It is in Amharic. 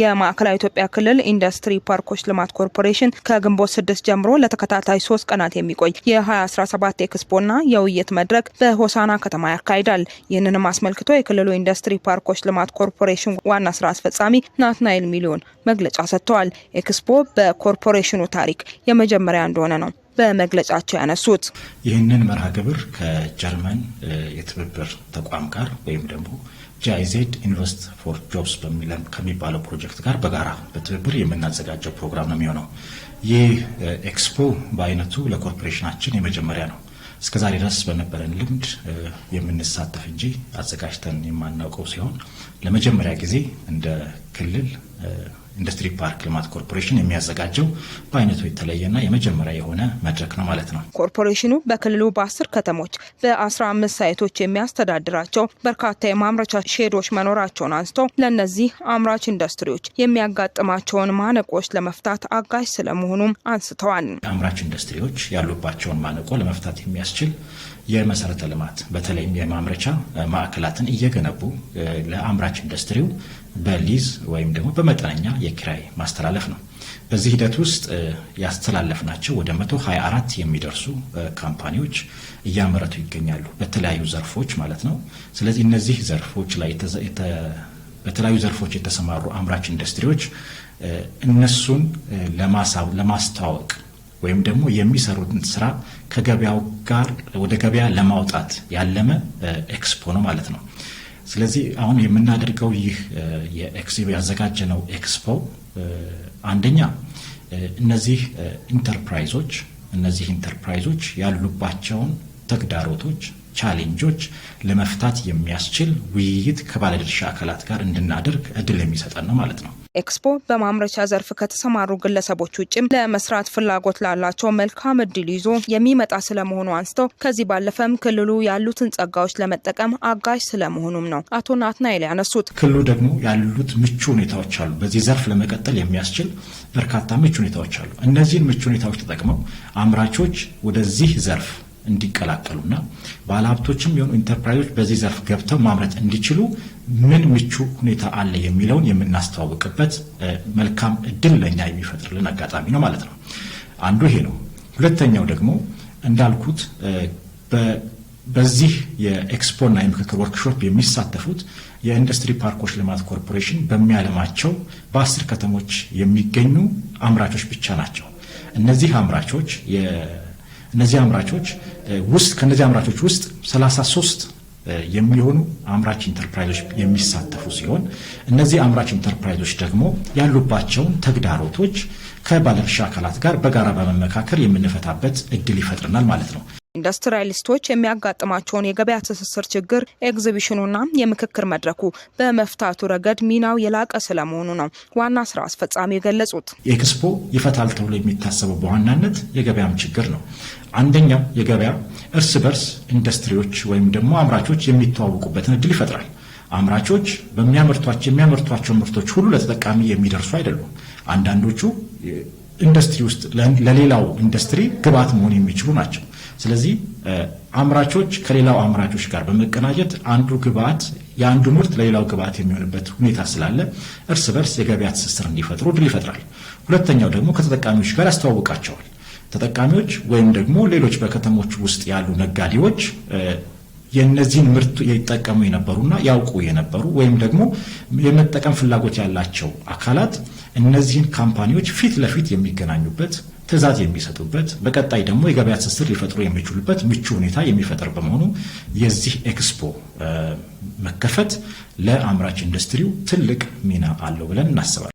የማዕከላዊ ኢትዮጵያ ክልል ኢንዱስትሪ ፓርኮች ልማት ኮርፖሬሽን ከግንቦት ስድስት ጀምሮ ለተከታታይ ሶስት ቀናት የሚቆይ የ2017 ኤክስፖና የውይይት መድረክ በሆሳና ከተማ ያካሂዳል። ይህንንም አስመልክቶ የክልሉ ኢንዱስትሪ ፓርኮች ልማት ኮርፖሬሽን ዋና ስራ አስፈጻሚ ናትናኤል ሚሊዮን መግለጫ ሰጥተዋል። ኤክስፖ በኮርፖሬሽኑ ታሪክ የመጀመሪያ እንደሆነ ነው በመግለጫቸው ያነሱት ይህንን መርሃ ግብር ከጀርመን የትብብር ተቋም ጋር ወይም ደግሞ ጃይዜድ ኢንቨስት ፎር ጆብስ በሚለን ከሚባለው ፕሮጀክት ጋር በጋራ በትብብር የምናዘጋጀው ፕሮግራም ነው የሚሆነው። ይህ ኤክስፖ በአይነቱ ለኮርፖሬሽናችን የመጀመሪያ ነው። እስከዛሬ ድረስ በነበረን ልምድ የምንሳተፍ እንጂ አዘጋጅተን የማናውቀው ሲሆን ለመጀመሪያ ጊዜ እንደ ክልል ኢንዱስትሪ ፓርክ ልማት ኮርፖሬሽን የሚያዘጋጀው በአይነቱ የተለየና የመጀመሪያ የሆነ መድረክ ነው ማለት ነው። ኮርፖሬሽኑ በክልሉ በአስር ከተሞች በ15 ሳይቶች የሚያስተዳድራቸው በርካታ የማምረቻ ሼዶች መኖራቸውን አንስቶ ለእነዚህ አምራች ኢንዱስትሪዎች የሚያጋጥማቸውን ማነቆች ለመፍታት አጋዥ ስለመሆኑም አንስተዋል። አምራች ኢንዱስትሪዎች ያሉባቸውን ማነቆ ለመፍታት የሚያስችል የመሰረተ ልማት በተለይም የማምረቻ ማዕከላትን እየገነቡ ለአምራች ኢንዱስትሪው በሊዝ ወይም ደግሞ በመጠነኛ የኪራይ ማስተላለፍ ነው። በዚህ ሂደት ውስጥ ያስተላለፍ ናቸው ወደ 124 የሚደርሱ ካምፓኒዎች እያመረቱ ይገኛሉ፣ በተለያዩ ዘርፎች ማለት ነው። ስለዚህ እነዚህ ዘርፎች ላይ በተለያዩ ዘርፎች የተሰማሩ አምራች ኢንዱስትሪዎች እነሱን ለማስተዋወቅ ወይም ደግሞ የሚሰሩትን ስራ ከገበያው ጋር ወደ ገበያ ለማውጣት ያለመ ኤክስፖ ነው ማለት ነው። ስለዚህ አሁን የምናደርገው ይህ ያዘጋጀ ነው ኤክስፖ አንደኛ እነዚህ ኢንተርፕራይዞች እነዚህ ኢንተርፕራይዞች ያሉባቸውን ተግዳሮቶች ቻሌንጆች ለመፍታት የሚያስችል ውይይት ከባለድርሻ አካላት ጋር እንድናደርግ እድል የሚሰጠን ነው ማለት ነው። ኤክስፖ በማምረቻ ዘርፍ ከተሰማሩ ግለሰቦች ውጭም ለመስራት ፍላጎት ላላቸው መልካም እድል ይዞ የሚመጣ ስለመሆኑ አንስተው ከዚህ ባለፈም ክልሉ ያሉትን ጸጋዎች ለመጠቀም አጋዥ ስለመሆኑም ነው አቶ ናትናኤል ያነሱት። ክልሉ ደግሞ ያሉት ምቹ ሁኔታዎች አሉ። በዚህ ዘርፍ ለመቀጠል የሚያስችል በርካታ ምቹ ሁኔታዎች አሉ። እነዚህን ምቹ ሁኔታዎች ተጠቅመው አምራቾች ወደዚህ ዘርፍ እንዲቀላቀሉና ባለሀብቶችም የሆኑ ኢንተርፕራይዞች በዚህ ዘርፍ ገብተው ማምረት እንዲችሉ ምን ምቹ ሁኔታ አለ የሚለውን የምናስተዋውቅበት መልካም እድል ለእኛ የሚፈጥርልን አጋጣሚ ነው ማለት ነው። አንዱ ይሄ ነው። ሁለተኛው ደግሞ እንዳልኩት በዚህ የኤክስፖና የምክክር ወርክሾፕ የሚሳተፉት የኢንዱስትሪ ፓርኮች ልማት ኮርፖሬሽን በሚያለማቸው በአስር ከተሞች የሚገኙ አምራቾች ብቻ ናቸው። እነዚህ አምራቾች እነዚህ አምራቾች ውስጥ ከእነዚህ አምራቾች ውስጥ 33 የሚሆኑ አምራች ኢንተርፕራይዞች የሚሳተፉ ሲሆን እነዚህ አምራች ኢንተርፕራይዞች ደግሞ ያሉባቸውን ተግዳሮቶች ከባለድርሻ አካላት ጋር በጋራ በመመካከል የምንፈታበት እድል ይፈጥርናል ማለት ነው። ኢንዱስትሪያሊስቶች የሚያጋጥማቸውን የገበያ ትስስር ችግር ኤግዚቢሽኑና የምክክር መድረኩ በመፍታቱ ረገድ ሚናው የላቀ ስለመሆኑ ነው ዋና ስራ አስፈጻሚ የገለጹት። ኤክስፖ ይፈታል ተብሎ የሚታሰበው በዋናነት የገበያም ችግር ነው። አንደኛው የገበያ እርስ በርስ ኢንዱስትሪዎች ወይም ደግሞ አምራቾች የሚተዋወቁበትን እድል ይፈጥራል። አምራቾች በሚያመርቷቸው የሚያመርቷቸው ምርቶች ሁሉ ለተጠቃሚ የሚደርሱ አይደሉም። አንዳንዶቹ ኢንዱስትሪ ውስጥ ለሌላው ኢንዱስትሪ ግብዓት መሆን የሚችሉ ናቸው። ስለዚህ አምራቾች ከሌላው አምራቾች ጋር በመቀናጀት አንዱ ግብአት የአንዱ ምርት ለሌላው ግብአት የሚሆንበት ሁኔታ ስላለ እርስ በርስ የገበያ ትስስር እንዲፈጥሩ ድል ይፈጥራል። ሁለተኛው ደግሞ ከተጠቃሚዎች ጋር ያስተዋውቃቸዋል። ተጠቃሚዎች ወይም ደግሞ ሌሎች በከተሞች ውስጥ ያሉ ነጋዴዎች የእነዚህን ምርት ይጠቀሙ የነበሩና ያውቁ የነበሩ ወይም ደግሞ የመጠቀም ፍላጎት ያላቸው አካላት እነዚህን ካምፓኒዎች ፊት ለፊት የሚገናኙበት ትዛዝ የሚሰጡበት በቀጣይ ደግሞ የገበያ ትስስር ሊፈጥሩ የሚችሉበት ምቹ ሁኔታ የሚፈጥር በመሆኑ የዚህ ኤክስፖ መከፈት ለአምራች ኢንዱስትሪው ትልቅ ሚና አለው ብለን እናስባለን።